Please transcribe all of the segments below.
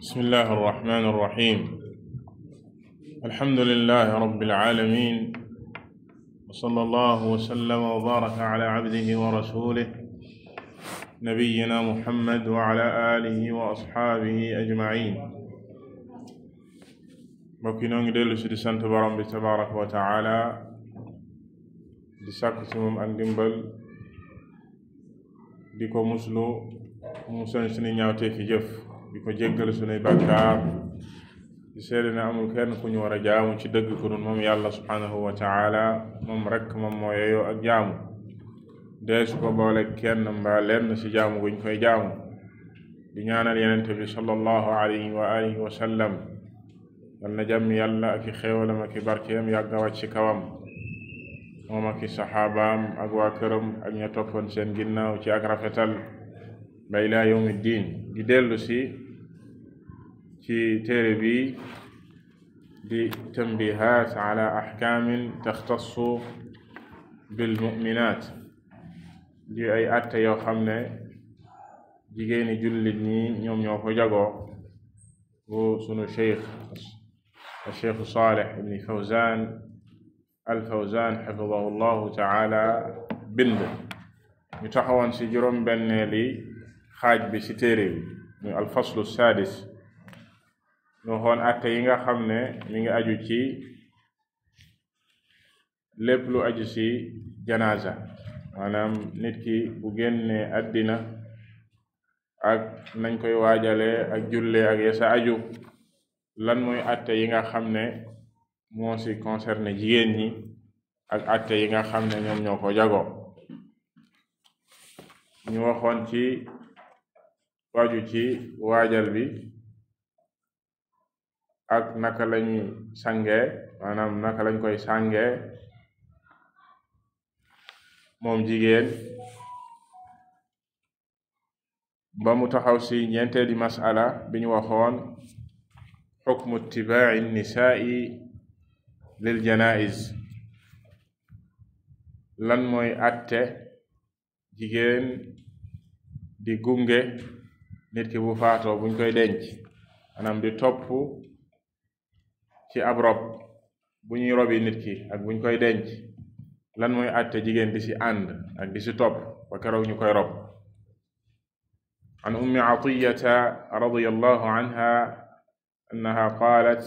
bismillahi arrahmani irrahim alhamdulilahi rabbil alamin wa sallallahu wa sallama wa baraka ala abdihi wa rasulih nabiyina muhammad wa ala alihi wa asxaabihi ajmain mbokk yi noo ngi dellu si di sant borom bi tabaraka wa taala di sàkku si moom ak ndimbal di ko muslu musal suñu ñaawtee fi jëf di ko jéggal sunuy bàkkaar di seede ne amul kenn ku ñu war a jaamu ci dëgg ku dul moom yàlla subhaanahu wa moom rek moom moo yeyoo ak jaamu dee su ko boole kenn mbaa lenn si jaamu guñ koy jaamu di ñaanal yenente bi sallallahu alayhi wa alihi wa sallam na jàmm yàlla ak i xéewalam ak i barkeem yàgg a ci kawam moom ak i saxaabaam ak waa këram ak ña toppoon seen ginnaaw ci ak rafetal bay laa yawmi diin di dellu ci téere bi di tanbihat ala axkaamin taxtassu bilmuminat di ay atte yoo xam ne jigéeni jullit ñi ñoom ñoo ko jagoo bu sunu cheikh cheikh Salih ibn Fawzan al-Fawzan xafidahu llahu taala bind ñu taxawoon ci juróom-benneeli xaaj bi ci téere bi muy alfaslu sadis ñu xool atte yi nga xam ne mi ngi aju ci lépp aju ci janaza maanaam nit ki bu génne àddina ak nañ koy waajale ak jule ak yesa aju lan mooy atte yi nga xam ne moo ci concerné jigéen ñi ak atte yi nga xam ne ñoom ñoo ko jago ñu waxoon ci waaju ci waajal bi ak naka lañuy sange maanaam naka lañ koy sange moom jigéen ba mu taxaw si ñeenteeli masala bi ñu waxoon xukmu ittibaai nisaai lil janaiz lan mooy atte jigéen di gunge nit ki bu faatoo buñ koy denc maanaam di topp ci ab rob bu ñuy robi nit ki ak buñ koy denc lan mooy àtte jigéen di si ànd ak di si topp ba keroog ñu koy rob an ummi atiyata radiyallahu anha annaha qaalat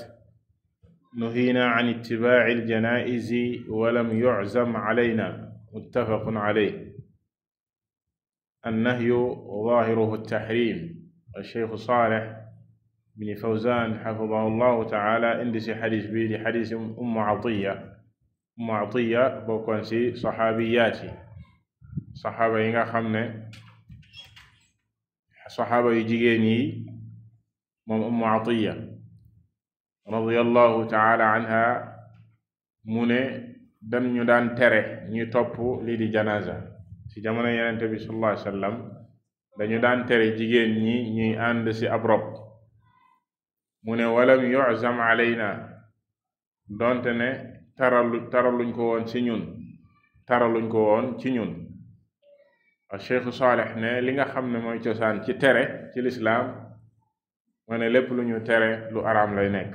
nuhiina an ittibaaci aljanaa'izi wa lam yuczam calayna muttafaqun calayh annahyu zaahiruhu attahrim alcheikhu saaleh bini fawzan xafidahu llahu taala indi si xadis bi di xadisi ummu atiya ummu atiya bokkoon si yi saxaaba yi nga xam ne saxaaba yu jigéen yi moom ummu atiya radiallahu taala anha mu ne dan ñu daan tere ñuy topp lii di janaza si jamono yenente bi sallallahu alayhi wa sallam daan tere jigéen ñi ñuy ànd si ab mu ne wala walam yuzam alayna donte ne tara taraluñ ko woon ci ñun taraluñ ko woon ci ñun a cheikh Saleh ne li nga xam ne mooy cosaan ci tere ci lislaam mane ne lépp lu ñu tere lu araam lay nekk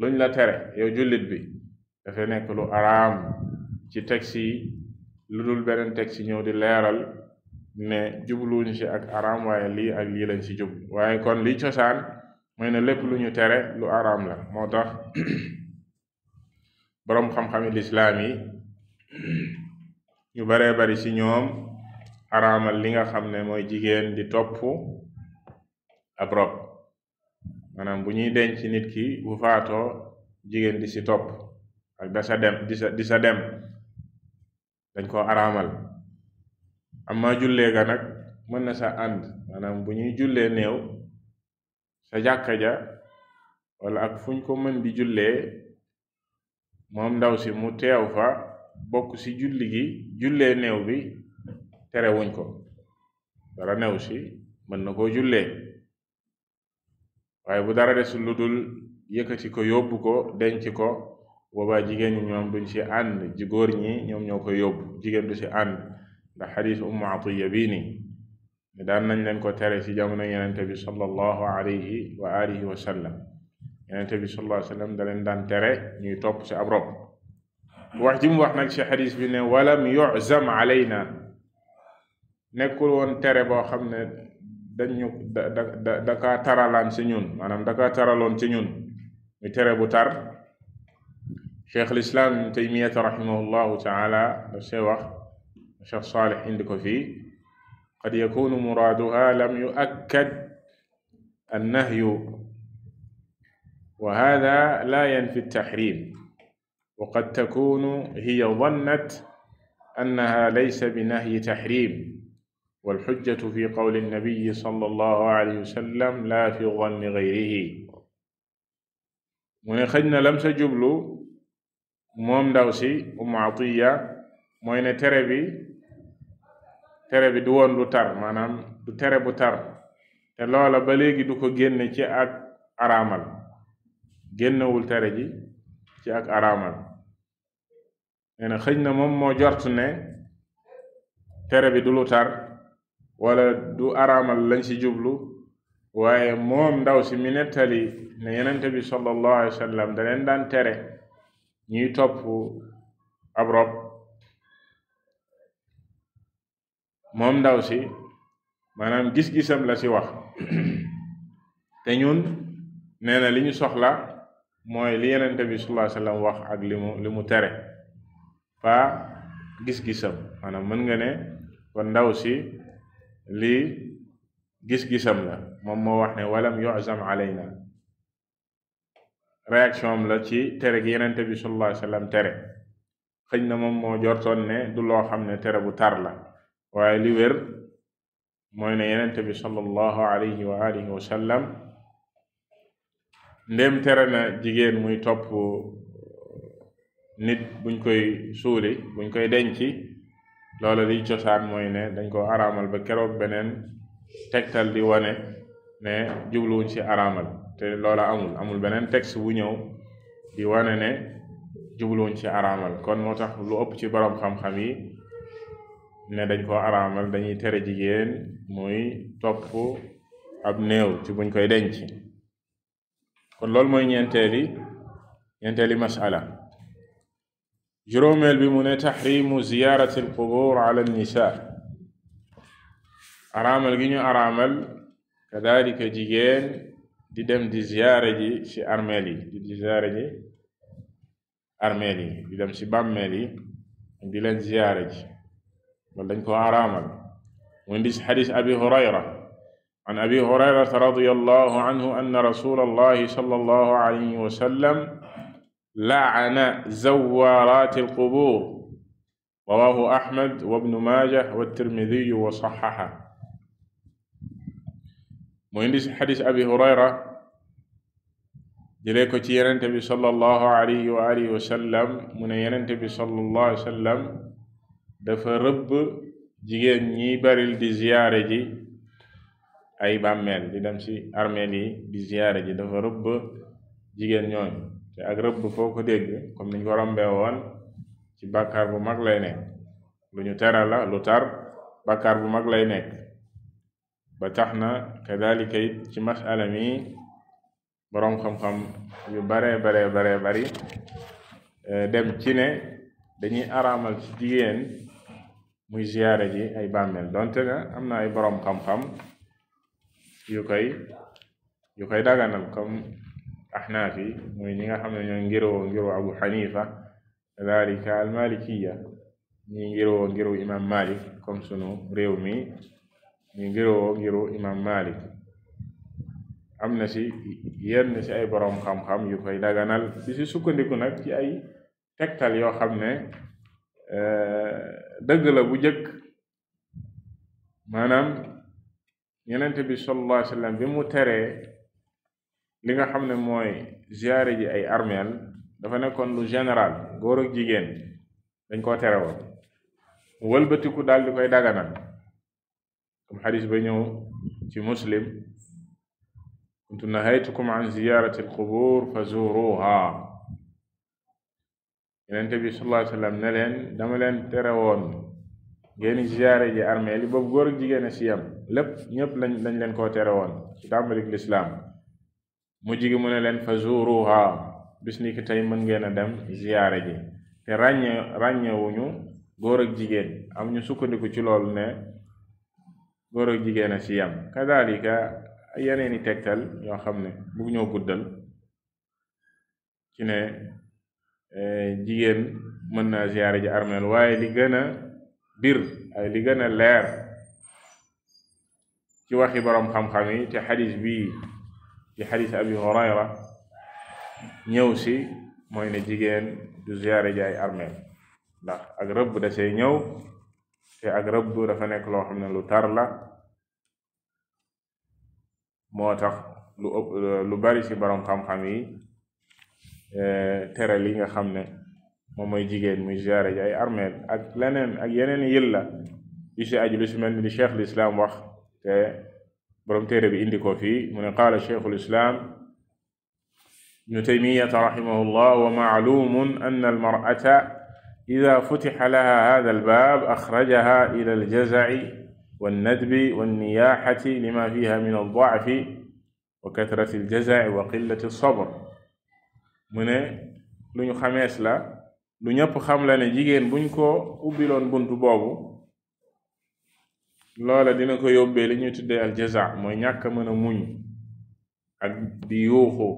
luñ la tere yow jullit bi dafay nekk lu araam ci texte yi lu dul beneen texte ñëw di leeral ne jubluwuñ ci ak araam waaye lii ak lii lañ ci jub waaye kon li cosaan mooy na lépp lu ñu tere lu araam la moo tax boroom xam-xami lislaam yi ñu baree bari ci ñoom araamal li nga xam ne mooy jigéen di topp ab maanaam bu ñuy ci nit ki bu faatoo jigéen di ci topp ak da sa dem di sa di sa dem dañ koo araamal amma jullee ga nag mën na sa ànd maanaam bu ñuy jullee néew sa jàkka ja wala ak fuñ ko mën di jullee moom ndaw si mu teew fa bokk ci julli gi jullee néew bi terewuñ ko dara néew si mën na koo jullee waaye bu dara desul lu dul yëkkati ko yóbbu ko denc ko boobaa jigéen ñi ñoom duñ ci ànd ji ñi ñoom ñoo ko yóbbu jigéen du ci ànd ndax xadiis ummu atiya bii nii daan nañ leen ko tere ci jamono yenente bi sallallahu alayhi wa alihi wa sallam bi sallallahu alayhi wa sallam daan tere ñuy topp ci ab rob wax ji wax nag ci xadis bi ne walam yuzam alayna nekkul woon tere boo xam ne dañu da da dakaa taralaan ci ñun maanaam dakaa taraloon ci ñun ñu tere bu tar cheikh lislaam ibn taymiyata rahimahullahu taala daf wax cheikh saalih indi ko fi qad yakunu muraaduha lam yu'akkad annahyu wa haadaa laa yanfi at-tahriim wa qad takuunu hiya dannat annahaa laysa binahyi tahriim wal-hujjatu fii qawli an-nabiyyi sallallahu alayhi wa sallam laa fii danni ghayrihi mu ne xëj na lam sa jublu moom ndaw si Umm Atiyya mooy ne tere bi tere bi du woon lu tar maanaam du tere bu tar te loola ba léegi du ko génne ci ak araamal génnewul tere ji ci ak araamal nee na xëj na moom moo jort ne tere bi du lu tar wala du araamal lañ ci jublu waaye moom ndaw si mi nettali ne yenente bi sallallahu alayhi wa sallam da leen daan tere ñuy topp ab rob moom ndaw si maanaam gis-gisam la si wax te ñun nee li ñu soxla mooy li yenente bi sallallahu alayhi wax ak li mu li mu tere pas gis-gisam maanaam mën nga ne kon ndaw si lii gis-gisam la moom moo wax ne walam yu'zam alayna réaction am la ci tere gi yenente bi sallallahu alayhi wasallam tere xëñ na moom moo jortoon ne du loo xam ne tere bu tar la waaye li wér mooy ne yenente bi alayhi wa alihi wa tere na jigéen muy topp uh, nit buñ koy suuli buñ koy denci loola liy cosaan mooy ne dañ ko araamal ba keroog beneen tegtal di wane ne jubluwuñ ci araamal te loola amul amul beneen texte bu ñëw di wane ne jubluwuñ ci araamal kon moo lu ëpp ci borom xam-xam yi ne dañ koo araamal dañuy tere jigéen muy topp ab néew ci buñ koy denc kon loolu mooy ñeenteeli ñeenteeli masala juróomeel bi mu ne taxrimu ziyarati alqubur ala annisa araamal gi ñu araamal kadalika jigéen di dem di armeel yi ci bàmmeel yi di leen loolu dañ ko araamal mu indi ci xadis abi hurayra an abi hurayrata radiyallahu anhu anna rasulallahi sallallahu alayhi wa sallam la'ana zawwaraati alqubur rawaahu ahmad wa ibnu maajah wa tirmidiyu wa saxaxa mu indi ci xadis abi hurayra jëlee ko ci yenente bi sallallahu alayhi wa alihi wa sallam mu ne yenente bi sallallahu alayhi wa sallam dafa rëbb jigéen ñi baril di ziyaare ji ay bàmmeel di dem ci armeel yi di ziyaare ji dafa rëbb jigéen ñooñu te ak rëbb foo ko dégg comme niñ ko rombee woon ci bàkkaar bu mag lay nekk lu ñu tera la lu tar bàkkaar bu mag lay nekk ba tax na kadalika it ci masala mi boroom xam-xam yu baree baree bari eh, dem ci ne dañuy araamal ci jigéen muy ziyaare ji ay bàmmeel donte na am na ay boroom xam-xam yu koy yu koy daganal comme axnaaf yi muy ñi nga xam ne ñoo ngiroo ngiroo abu xanifa kadalika almalikiya ñi ngiroo ngiro imam malik comme sunu réew mi ñi ngiroo ngiru imam malik am na si yenn si ay boroom xam-xam yu koy daganal di si sukkandiku nag ci ay tegtal yoo xam ne Eh, dëgg la bu jëkk maanaam yenent bi sallallahu alayhi bi mu teree li nga xam ne mooy ziyaare ji ay armeel dafa nekkoon lu général góor ak jigéen dañ koo tere woon mu wëlbatiku daal di koy daganal comme xadis ba ñëw ci muslim kuntu nahaytukum an ziyarati alqubur fa zuruha yonente bi sallallahu alayhi wasallam ne leen dama leen tere woon ngeen ziyaare ji armeel yi boobu góor ak jigéen a si yam lépp ñépp lañ lañ leen koo tere woon ci tàmbalik lislaam mu jigi mu ne leen fa zuruha a ni ki tey mën ngeen a dem ziyaare ji te ràññe ràññewuñu góor ak jigéen am ñu sukkandiku ci lool ne góor ak jigéen a si yam kadalika yeneeni tegtal yoo xam ne bugg ñoo guddal ci ne Eh, jigéen mën naa ziyaare ji armeel waaye li gën a bir ay li gën a leer ci waxi boroom xam-xam yi te xadis bi ci xadis abi hurayra ñëw si mooy ne jigéen du ziyaare ji ay armeel ndax ak rëbb da see ñëw te ak rëbb dafa nekk loo xam ne lu tar la moo tax lu ëpp lu bari si boroom xam-xam yi Eh, tere li nga xam ne moom mooy jigéen muy ziyaare ji ay armeel ak leneen ak yeneen yilla yu si aju lu si mel ni di cheikhul islam wax te borom téere bi indi ko fii mu ne qaala cheikhul islam ibnu taymiyata rahimahullah wa maalumun anna almar'ata ida futixa laha hada albaab axrajaha ila aljazaci wannadbi wanniyaxati lima fiha min aldaafi wa katrati aljazaci wa qillati sabr mu ne lu ñu xamees la lu ñëpp xam la ne jigéen buñ ko ubbiloon buntu boobu loola dina ko yóbbee li ñuy tuddee al jaza mooy ñàkk a mën a muñ ak di yuuxu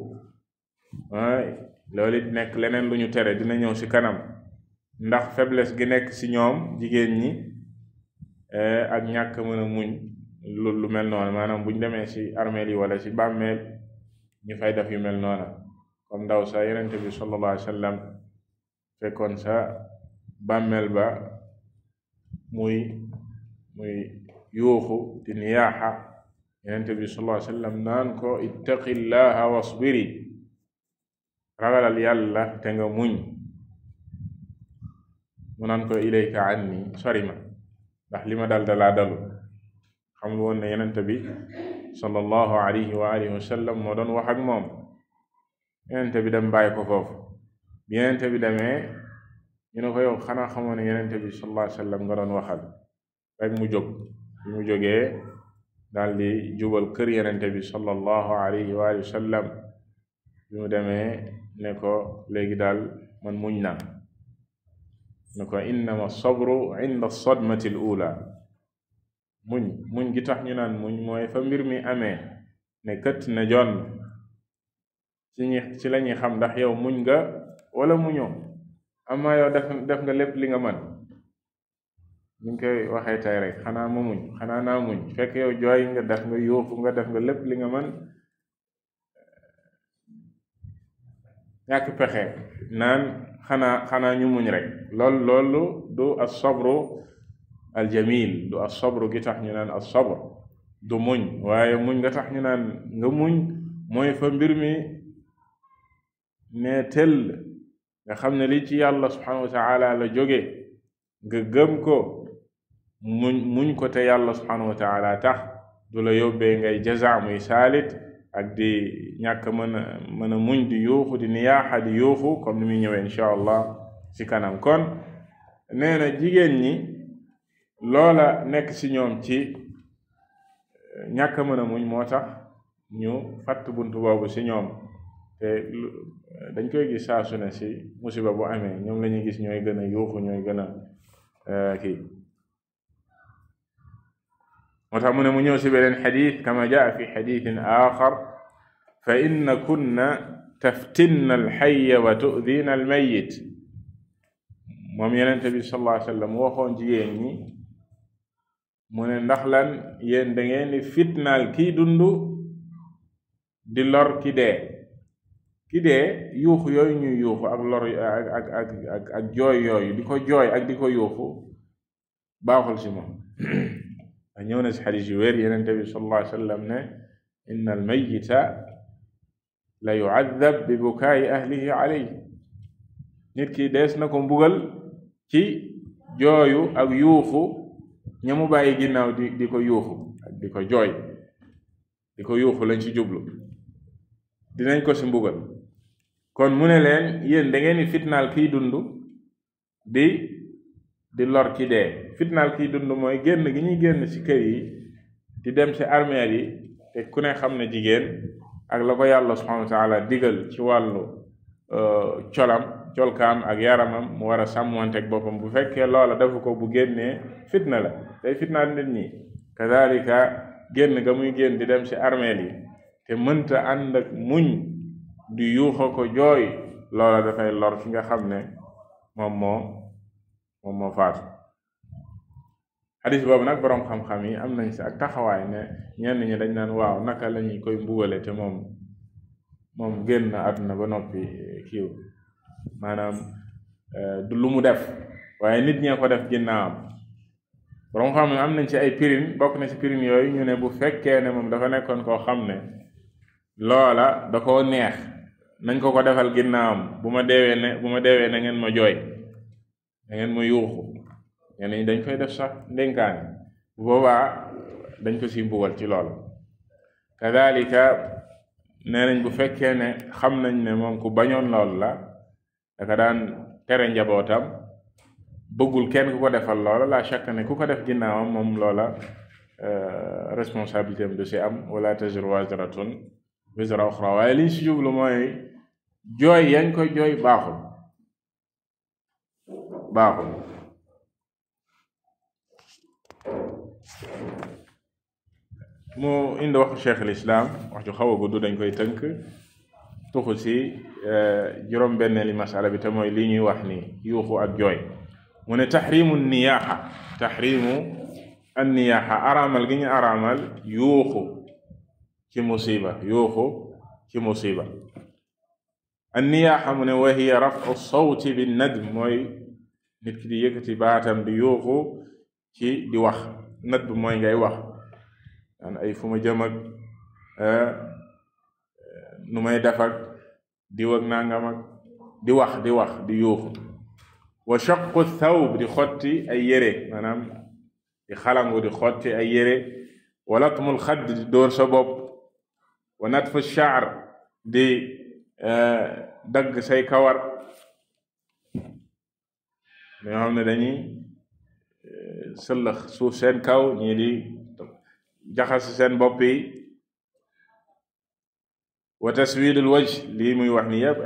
loolu nekk leneen lu ñu tere dina ñëw si kanam ndax faiblesse gi nekk si ñoom jigéen ñi eh, ak ñàkk mën a muñ lu lu mel noonu maanaam buñ demee si armeel yi wala si bàmmeel ñu fay def yu mel noona comme ndaw sa yenente bi sallallahu alayhi wa sa bàmmeel ba muy muy yuuxu di niyaaxa yenente bi sallallahu alayhi naan ko ittaqillaha wasbiri ragalal yàlla te nga muñ mu naan ko ilayka anni sori ma ndax li ma dal dalaa dalu xam nga woon ne yenente bi sallallahu alayhi wa alihi doon wax ak moom yonente bi dem bàyyi ko foofu bi yonente bi demee ñu ne ko yow xanaa xamoon ne nga doon waxal rek mu jóg bi mu jógee daal di jubal kër yonente bi sallallahu alayhi wa sallam bi mu demee ne ko léegi daal man muñ naa ne ko innama sabru inda sadmati al ula muñ muñ gi tax ñu naan muñ mooy fa mbir mi ame ne kët ne jon ci ñi ci la ñuy xam ndax yow muñ nga wala muñoo amaa yow nga lépp li nga man ñu ngi koy waxee tey rek xanaa ma muñ xanaa naa muñ fekk yow jooy nga def nga yuuxu nga def nga lépp li nga man ñàkk pexe naan xanaa xanaa ñu muñ rek lool loolu du as-sabru al-jamil du as-sabru gi tax ñu naan as-sabr du muñ nga tax ñu nga muñ mooy fa mbir mi ne tëll nga xam ne li ci yàlla subhanahu wa la jóge nga gëm ko muñ muñ ko te yàlla subhanahu wa taala tax du la yóbbee ngay jaza muy saalit ak di ñàkk mën mën a muñ di yuuxu di niyaaxa di yuuxu comme ni muy ñëwee incha allah ci kanam kon nee na jigéen ñi loola nekk ci ñoom ci ñàkk mën a muñ moo tax ñu fatt bunt boobu ci ñoom te dañ koy gis saa su si musiba bu amee ñoom la gis ñooy gën a yuuxu ñooy gën a eh, kii moo tax mu ne mu ñëw si beneen xadit kama jaa fi xaditin axar fa inna kunna taftinna alxaya wa tudina almayit moom yenente bi sallallahu alayhi wa sallam waxoon jigéen ñi mu ne ndax lan yéen da ngeen di fitnaal kii dund di lor ki dee ki dee yuuxu yooyu ñuy yuuxu ak ak ak ak ak ak jooy yooyu di ko jooy ak di yuuxu baaxul si moom ndax ñëw na si xadis yu wér yeneen bi sallallahu alayhi ne inna al mayita la yuadab bi bukaayi ahlihi aley nit ki des na ko mbugal ci jooyu ak yuuxu ña mu bàyyi ginnaaw di di ko yuuxu ak di ko jooy di ko yuuxu lañ ci jublu dinañ ko si mbugal kon mu ne leen yéen dangeen ngeen di fitnaal kiy dund di di lor ki dee fitnaal kiy dund mooy génn gi ñuy génn ci kër yi di dem ci armeel yi te ku ne xam ne jigéen ak la ko yàlla subhanahu wa taala digal ci wàllu euh, colam colkaam ak yaramam mu war a sàmmanteeg boppam bu fekkee loola defu ko bu génnee fitna la day fitnaal nit ñi kadalika génn ga muy génn di dem ci armeel yi te mënta ànd muñ di yuuxoo ko jooy loola dafay lor ki nga xam ne moom moo moom moo faatu xadis boobu nag boroom xam-xam yi am nañ si ak taxawaay ne ñenn ñi dañ naan waaw naka lañuy koy mbugale te moom moom génn na àdduna ba noppi kiiw maanaam eh, du lu mu def waaye nit ñee ko def am boroom xam ne am nañ si ay pirin bokk na si pirim yooyu ñu ne bu fekkee ne moom dafa nekkoon koo xam ne loola da koo neex nañ ko ko defal ginnaawam bu ma deewee ne bu ma deewee na ngeen ma jooy na ngeen dañ koy def sax ndénkaane bu boobaa dañ ko si mbugal ci loolu kadalika nee nañ bu fekkee ne xam nañ ne moom ku bañoon lool la daka daan tere njabootam bëggul kenn ku ko defal loola la chaque ne ku ko def ginnaawam moom loola euh, responsabilité am du si am wala tajru wazratun wizra uxra waaye liñ si jublu mooy jooy yañ koy jooy baaxul baaxul mu indi waxu cheikh al wax ju xaw a gudd dañ koy tënk tuxu si e, juróom benneeli masala bi te mooy li ñuy wax ni yuuxu ak jooy mu ne taxrimu niyaaxa taxrimu an niyaaxa araamal gi ñu araamal yuuxu ci musiba yuuxu ci musiba anniyaaxa mu ne wa hiya rafu sawti bi nadm mooy nit ki di yëkkati baatam di yuuxu ci di wax nadm mooy ngay wax daan ay fu ma jëm eh, nu may def ak diw ak nangam di wax di wax di yuuxu wa shaqu thawb di xotti ay yére maanaam di xalangu di xotti ay yére wa latmul xadd di dóor sa bopp wa natfu shaar di dagg say kawar ñoo xam ne dañuy eh, sëllëx suuf seen kaw ñii di jaxas seen bopp yi wa taswidul waj lii muy wax ni yëpp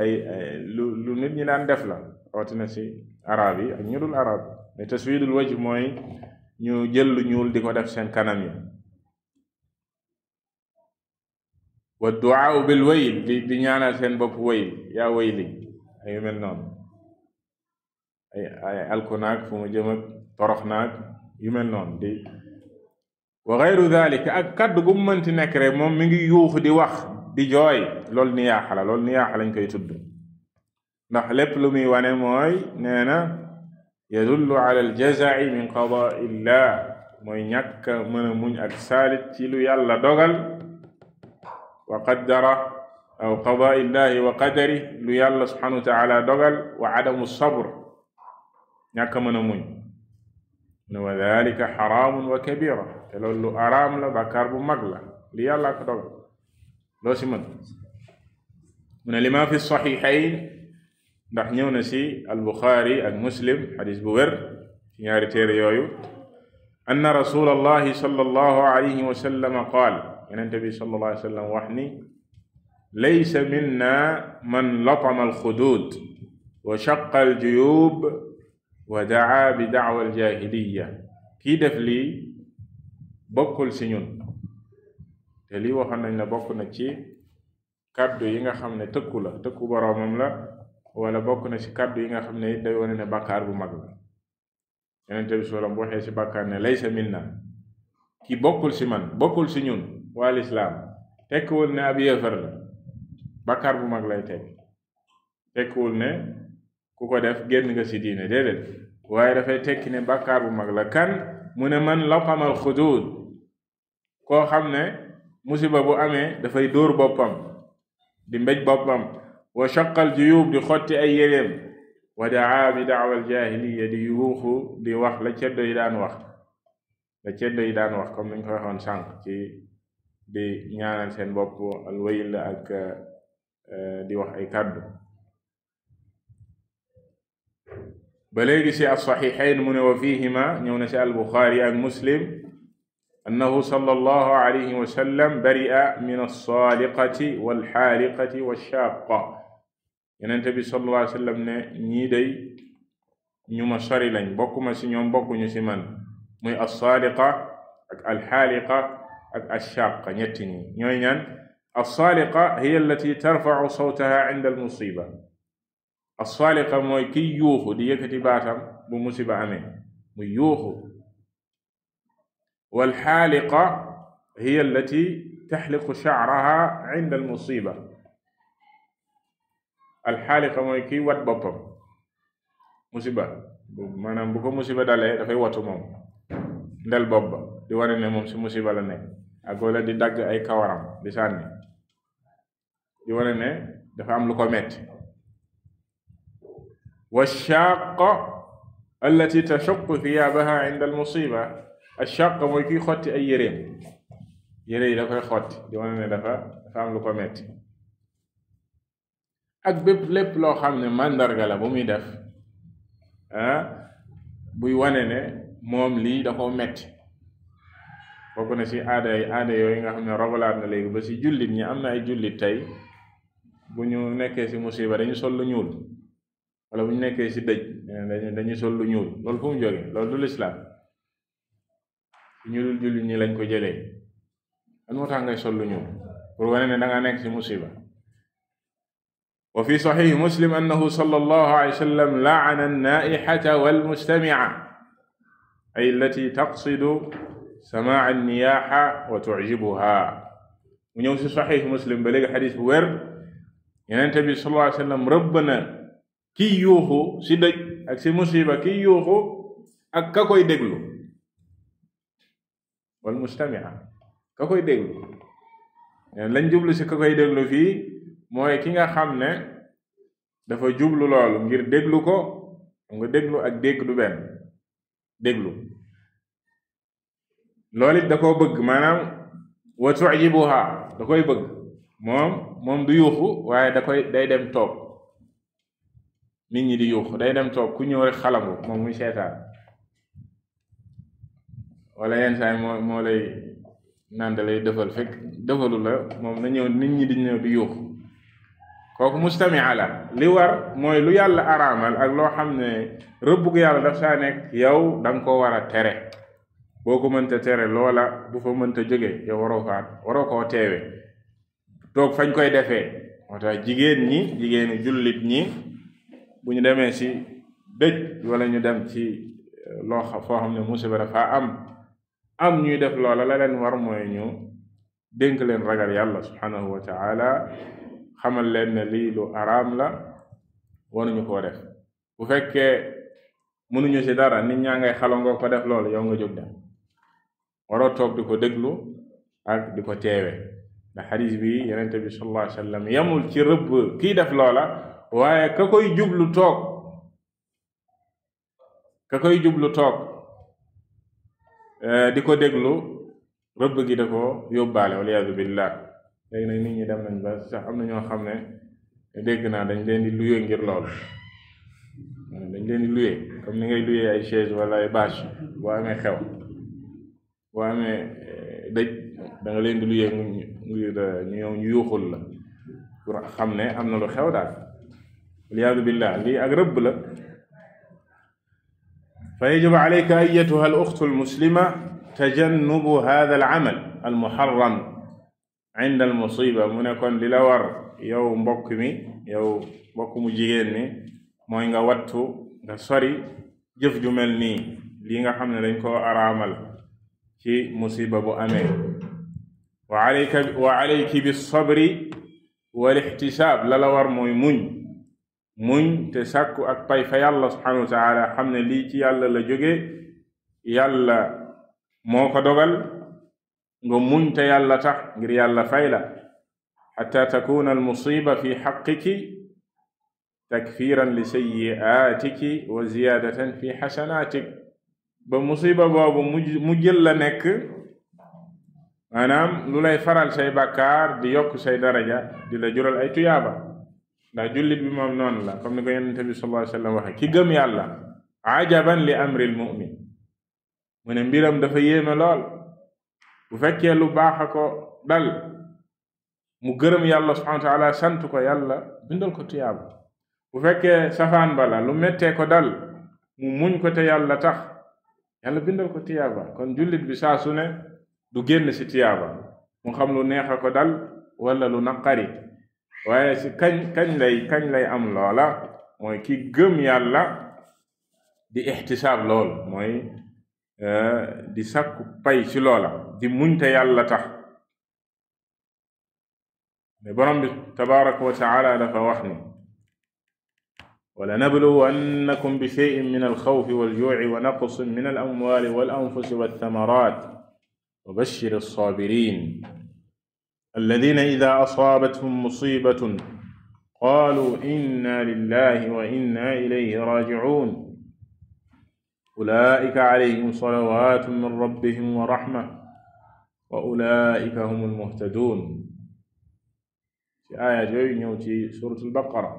lu nit ñi daan def la rawatina si arab yi ak ñu dul arab mais taswidul waj mooy ñu jël lu ñuul di def seen kanam yi wa duaa bil wayl di di ñaanal seen bopp wayl yaa wayli ay yu mel noonu ay ay alku fu mu jëm torox naag yu mel noonu di wa gayru dalika ak kaddu gu mu mënti nekk moom mi ngi yuux di wax di jooy lool niyaaxa la loolu niyaaxa lañ koy tudd ndax lépp lu wane mooy nee na yadullu ala al min qada illah mooy ñàkk a mën a ak saalit ci lu yàlla dogal wa qaddara aw qadaa illahi wa qadari lu yàlla subhanahu wa taala dogal wa adamu sabr ñàkk a mën a muñ ne wa dalika xaraamun wa kabira te loolu lu araam la bàkkaar bu mag la li yàlla ko dogal loo si mën mu ne li ma fi saxiixayn ndax ñëw na si albuxaari ak muslim xadis bu wér ci ñaari téere yooyu anna rasul allahi sallallahu alayhi wa sallam qaal yonente bi sallallahu alayhi wa sallam wax ni minna man latama alxudud wa shaqa aljuyub wa daa bi daawa aljahiliya kii def lii bokkul si ñun te lii waxoon nañ la bokk na ci kàddu yi nga xam ne tëkku la tëkku boroomam la wala bokk na ci kàddu yi nga xam ne day wane ne bàkkaar bu mag la yonente bi bu waxee si bàkkaar ne laysa minna ki bokkul si man bokkul si ñun waa lislaam tekkiwul ne ab yéefar la bakkaar bu mag lay tekki tekkiwul ne ku ko def génn nga si diine déedéet waaye dafay tekki ne bakkaar bu mag la kan mu ne man laqamal xuduud koo xam ne musiba bu amee dafay dóor boppam di mbéj boppam wa shaqal juyub di xotti ay yéreem wa daa bi daawal jaahiliya di yuuxu di wax la ceddo yi daan wax la ceddo yi daan wax comme ni ñu ko waxoon sànq ci di ñaanal sen bopp alwayl ak eh, di wax ay kàddu ba léegi ci as-saxiixayn mu ne wa fihima ñëw na ci albuxaari ak muslim annahu sallallahu alayhi wa sallam bari'a min as-saaliqati wal-xaaliqati wash-shaaqa yonente bi wa sallam ne ñii day ñu ak ashaqa ñetti ñi ñooy ñaan alsaaliqa hiya allati tarfau mooy kiy yuuxu di yëkkati baatam bu musiba amee mu yuuxu wal hiya allati taxliqu shacraha inda almusiba alxaaliqa mooy kiy wat boppam musiba maanaam bu ko musiba dalee dafay watu di wane ne musiba la ak wala di dagg ay kawaram di sànni di wane ne dafa am lu ko metti wa shaqqa allati tashuqu thiyabaha inda ay yéreem yére yi da koy xotti dafa am lu ko metti ak bépp lépp loo xam ne màndarga la bu muy def ah buy wane ne moom lii da ko metti bokk na ci aada yi aada yooyu nga xam ne robalaat na léegi ba ci jullit ñi am na ay jullit tey bu ñu nekkee ci musiba dañu sol lu ñuul wala bu ñu nekkee si dëj dañuy sol lu ñuul loolu fu mu jóge loolu du lislaam ñu dul ñi lañ ko jëlee lan moo tax ngay sol lu ñuul pour wane ne da nga nekk ci musiba wa fi saxiixi muslim annahu sallallahu alayhi wa sallam laana annaaixata walmustamia ay allati taqsidu samaa niyaha wa tujibuha mu ñëw si saxiix muslim ba léegi xadis bu wér yenente bi sallallahu alayhi wasallam rëbb na kiy yuuxu si dëj ak si musiba kiy yuuxu ak ka koy déglu wal mustamia ka koy déglu lañ jublu si ka koy déglu fii mooy ki nga xam ne dafa jublu loolu ngir déglu ko nga déglu ak dégg du benn déglu loolu it da koo bëgg maanaam wa tujibuha da koy bëgg moom moom du yuuxu waaye da koy day dem toog nit ñi di yuuxu day dem toog ku ñëw rek xalangu moom muy seetaan walla yenn saa moo moo lay naan da defal fekk defalu la moom na ñëw nit ñi di ñëw di yuuxu kooku mustamia la li war mooy lu yàlla araamal ak loo xam ne rëbbug yàlla daf saa nekk yow da nga ko war a tere boo ko mënta tere loola bu fa mënta jóge yow waroo faat waroo toog fañ koy defee moo jigéen ñi jigéeni jullit ñi bu ñu demee si dëj wala ñu dem ci euh, loo xam foo xam ne musiba dafa am am ñuy def loola la leen war mooy ñu dénk leen ragal yàlla subhanahu wa xamal leen ne lii lu araam la waruñu koo def bu fekkee mënuñu ci dara nit ñaa ngay xalangoo ko def loolu yow nga jóg dem waroo toog di ko déglu ak di ko teewe ndax xadis bi yonente bi sallallahu alayhi wa sallam yamul ci rëbb kii def loola waaye ka koy jublu toog ka koy jublu toog eh, di ko déglu rëbb gi da ko yóbbaale waliyaadu billah léegi nag nit ñi dem nañ ba sax am na ñoo xam ne dégg naa dañ leen di luye ngir loolu dañ leen di luye comme ni ngay luye ay chaise wala ay bâche boo amee xew boo amee eh, dëj da nga leen di lu yëg ngir ñu ñu yuuxul la pour xam ne am na lu xew daal waliyaadu billah lii ak rëbb la fa yajibu alayka ayatuha al uxtu al muslima tajannubu hada al amal al muharram inda al musiba mu ne kon li la war yow mbokk mi yow mbokk mu jigéen mi mooy nga wattu nga sori jëf ju mel nii lii nga xam ne dañ koo araamal ci musiba bu amee wa alayka wa bi sabri wal ixtisaab la war mooy muñ muñ te sàkku ak pay fa yàlla subhanahu taala xam ne lii ci yàlla la jóge yàlla moo ko dogal nga muñ te yàlla tax ngir yàlla fay la xata takuna almusiba fi xaqiki takfiran li sayiatiki wa ziyadatan fi xasanatik ba musiba boobu mu jël la nekk maanaam lu lay faral say bàkkaar di yokk say daraja di la jural ay tuyaaba ndax jullit bi moom noonu la comme ni ko yonente bi sallallahu alayhi wa sallam waxe ki gëm yàlla ajaban li amril mu'min mu ne mbiram dafa yéeme lool bu fekkee lu baax ko dal mu gërëm yàlla subhanahu wa sant ko yàlla bindal ko tuyaaba bu fekkee safaan bala lu méttee ko dal mu muñ ko te yàlla tax yàlla bindal ko tiyaaba kon jullit bi saa su ne du génn ci tiyaaba mu xam lu neex a ko dal wala lu naqari waaye ci kañ kañ lay kañ lay am loola mooy ki gëm yàlla di ixtisaab lool mooy eh, di sakku pay ci loola di muñte yàlla tax mais borom bi tabaraka wa taala dafa wax ni ولنبلونكم بشيء من الخوف والجوع ونقص من الأموال والأنفس والثمرات وبشر الصابرين الذين إذا أصابتهم مصيبة قالوا إنا لله وإنا إليه راجعون أولئك عليهم صلوات من ربهم ورحمة وأولئك هم المهتدون ci aaya yooyu ñëw ci suuratul Baqara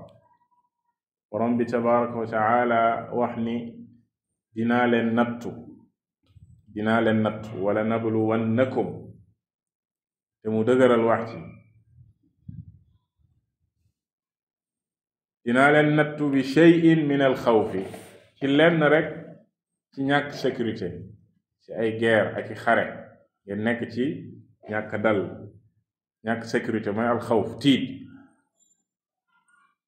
borom bi tabaraka wa taala wax ni dinaa leen nattu dinaa leen nattu wala nabluwannakum te mu dëgëral wax ci dinaa leen nattu bi shay'in min al xawfi ci lenn rek ci ñàkk sécurité ci ay guerre ak i xare ngeen nekk ci ñàkk dal ñàkk sécurité mooy al xawf tiit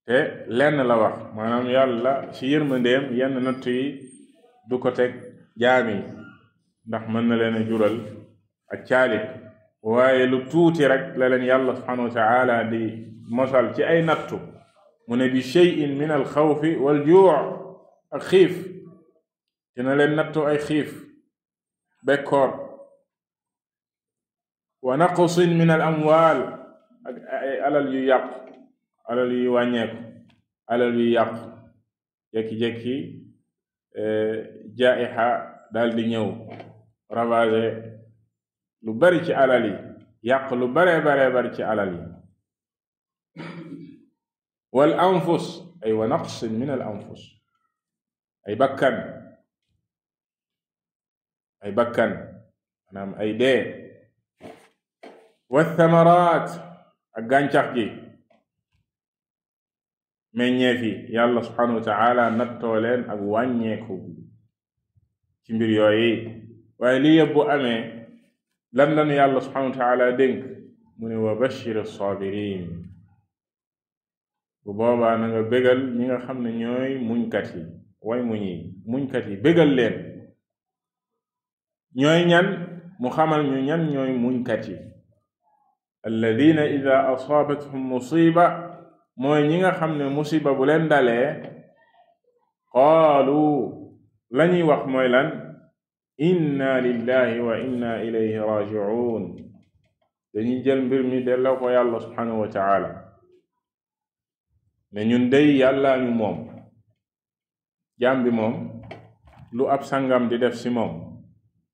te lenn la wax maanaam yàlla ci yërmandeem yenn natt yi du ko teg jaam yi ndax mën na leen a jural ak caalit waaye lu tuuti rek la leen yàlla subhanahu wa taala di mosal ci ay nattu mu ne bi cheyin min al xawfi wal juu ak xiif dina leen nattu ay xiif bekkoor wa naqsin min al amwaal ak ay alal yu yàqu alal yi wàññeeku alal yi yàqu jekki-jekki e, jaixa daldi ñëw ravage lu bari ci alal yàq lu baree baree bari ci alal yi wal ay wa naqsin min al ay bakkan ay bakkan maanaam ay dee wa thamaraat ak gàncax gi meññeef yi yàlla subhanahu wa taala nattoo leen ak wàññeeku ci mbir yooyu waaye lii yëpp bu amee lan lanu yàlla subhanahu wa taala dénk mu ne wa bashir sabirin bu boobaa na nga bégal nga xam ne ñooy muñkat yi way muñ yi muñkat yi bégal leen ñooy ñan mu xamal ñu ñan ñooy muñkat yi alladina ida asaabathum musiba mooy ñi nga xam ne musiba bu leen dalee qaalu la ñuy wax mooy lan inna lillahi wa inna ilayhi raji'un dañuy jël mbir mi delloo ko yàlla subhanahu wa ta'ala ne ñun dey yàlla ñu moom jaam moom lu ab sangam di def si moom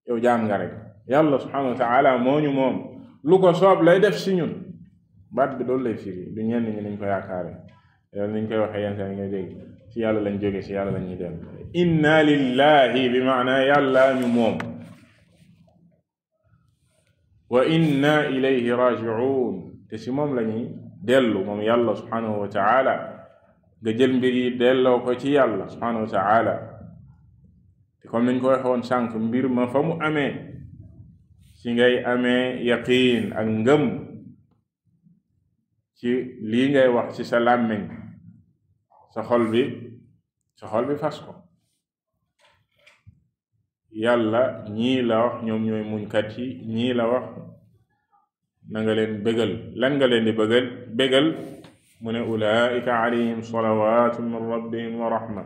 yow jaam nga rek yàlla subhanahu wa ta'ala moo ñu moom lu ko soob lay def si ñun baat bi loolu lay firi du ñenn ñi nañ ko yaakaare yow nañ koy waxee yenn saa yi ci yàlla lañ jóge ci yàlla lañuy dem inna lillahi bi maana yàlla ñu moom wa inna ilayhi rajiun te ci moom lañuy dellu moom yàlla subhanahu wa taala nga jël mbir yi ko ci yàlla subhanahu wa taala te comme nañ ko waxe woon sànq mbir ma fa mu amee ci ngay amee yaqiin ak ci lii ngay wax ci sa làmmiñ sa xol bi sa xol bi fas ko yàlla wax ñoom ñooy muñkat yi ñii la wax na nga leen bégal leen di bégal bégal mu ne ulaika alayhim salawatu min rabbihim wa rahma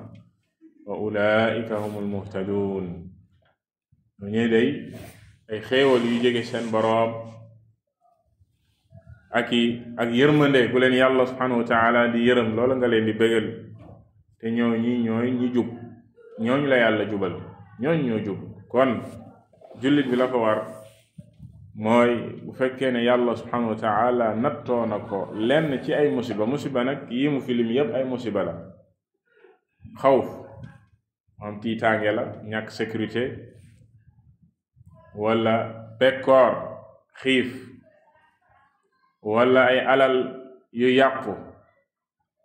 wa ulaika humul muhtadun ñoo ñuy ay xéewal yu jóge seen ak ak yërmande gu leen yàlla subhanahu wa taala di yërëm loola nga leen di bégal te ñoo ñi ñooy ñi jub ñooñu la yàlla jubal ñooñ ñoo jub kon jullit bi la ko war mooy bu fekkee ne yàlla subhanahu wa taala nattoo na ko lenn ci ay musiba musiba nag yi mu filim yépp ay musiba la xawf moom tiitaange la ñàkk sécurité wala bekkoor xiif wala ay alal yu yàqu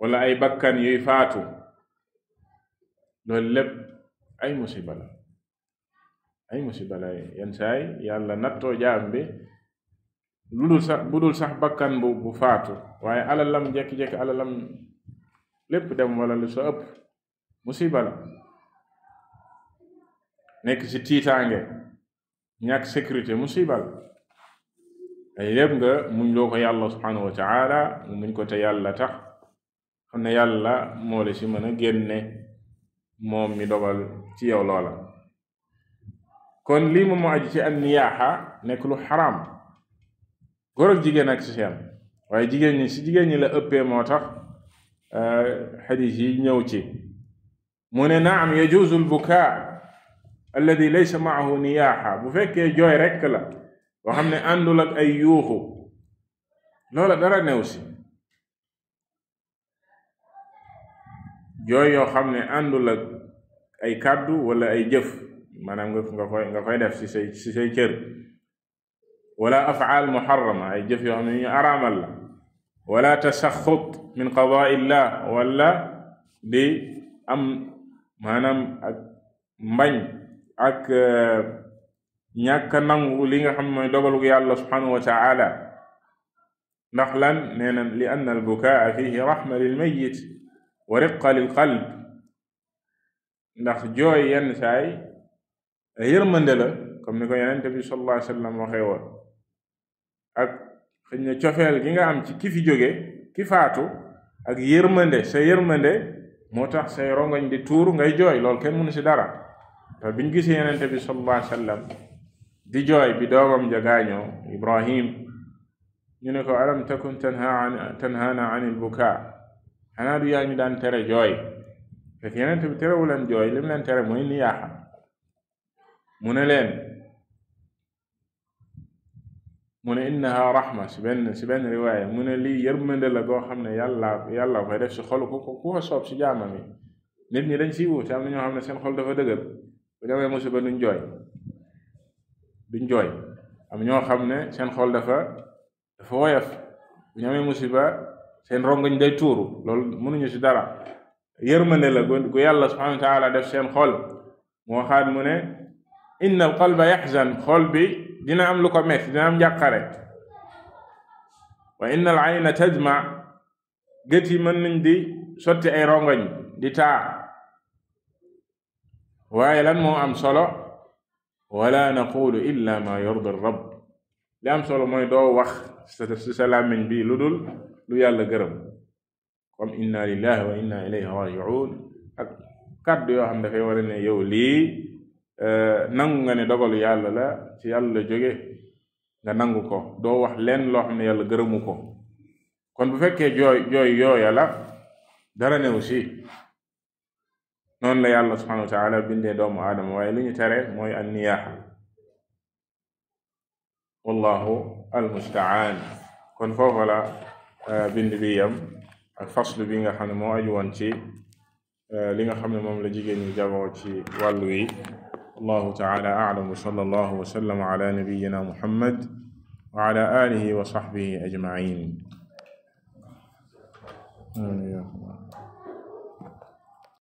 wala ay bakkan yuy faatu loolu lépp ay musiba ay musiba la yenn yàlla natto jaam bi lu sax bu sax bakkan bu faatu waaye alalam jekki-jekki alalam lépp dem wala lu sa ëpp musiba nekk ci tiitaange ñàkk sécurité musiba lépp nga muñ loo ko yàlla subhanahu wa taala muñ ko te yàlla tax xam ne yàlla moo la si mën a génne moom mi dogal ci yow loola kon lii moom moo aji ci an niyaaxa nekk lu xaraam góor ak jigéen ak si seen waaye jigéen ñi si jigéen ñi la ëppee moo tax euh, xadis yi ñëw ci mu ne naam yajuuzu al bukaa alladi maahu niyaaxa bu fekkee jooy rekk la boo xam ne àndul ak ay yuuxu loola dara new si jooy yoo xam ne àndul ak ay kàddu wala ay jëf maanaam nga nga koy def si say si say cër wala afaal muharrama ay jëf yoo xam ne ñu araamal la wala tasaxut min qadaillah wala di am ak mbañ ak euh, ñàkk nangu li nga xam mooy dogalu yàlla subhanahu wa taala ndax lan nee na li ann albukaa fihi raxma lilmayit wa riqa lilqalb ndax jooy yenn saay yërmande la comme ni ko yonente bi sallallahu alayhi wa sallam ak xëñ na cofeel gi nga am ci ki fi jóge ki faatu ak yërmande sa yërmande moo tax say rongoñ di tuur ngay jooy loolu kenn mënu si dara te biñ gisee yonente bi sallallahu di jooy bi doomam ja ibrahim ñu ne ko alam takun tanha tanhana an il buka du yaa ñu daan tere jooy fekk yeneen bi terewu leen jooy lim leen tere mooy ni yaaxa mu ne leen mu ne innaha rahma si benn si benn riwaaya mu ne lii yërmande la goo xam ne yàlla yàlla koy def si xolu ku ko ku ko soob si jaamam yi nit ñi dañ siy am na ñoo xam ne seen xol dafa dëgër bu demee musiba duñ jooy duñ jooy am ñoo xam ne seen xool dafa dafa woyof bu ñu amee musiba seen rongoñ day tuuru loolu mënuñu ci dara yërmande la gu yàlla subhanahu wa taala def seen xool moo xaat mu ne inna al qalba yaxzan xol bi dina am lu ko metti dina am njàqare wa inna al ayna tajma gët yi mën nañ di sotti ay rongoñ di taa waaye lan moo am solo wala naqulu illa ma yarda rabb li am solo mooy doo wax si sa làmmiñ bi lu dul lu yàlla gërëm comme inna lillahi wa inna ilayhi rajiun kàddu yoo xam dafay war a ne yow lii euh, nangu nga ne dogalu yàlla la ci yàlla la jóge nga nangu ko doo wax leen loo xam ne yàlla gërëmu ko kon bu fekkee jooy yooya la dara new si noonu la yàlla subhanahu wa taala bindee doomu aadama waaye li ñu tere mooy an niyaaxa wallahu almustaan kon foofa la euh, bind bi yam ak faslu bi nga xam ne moo aju woon ci euh, li nga xam ne moom la jigéen ñi jagoo ci wàllu yi wallahu taala a'lam wa sallallahu wa sallama ala nabiyyina muhammad wa ala alihi wa sahbihi ajma'in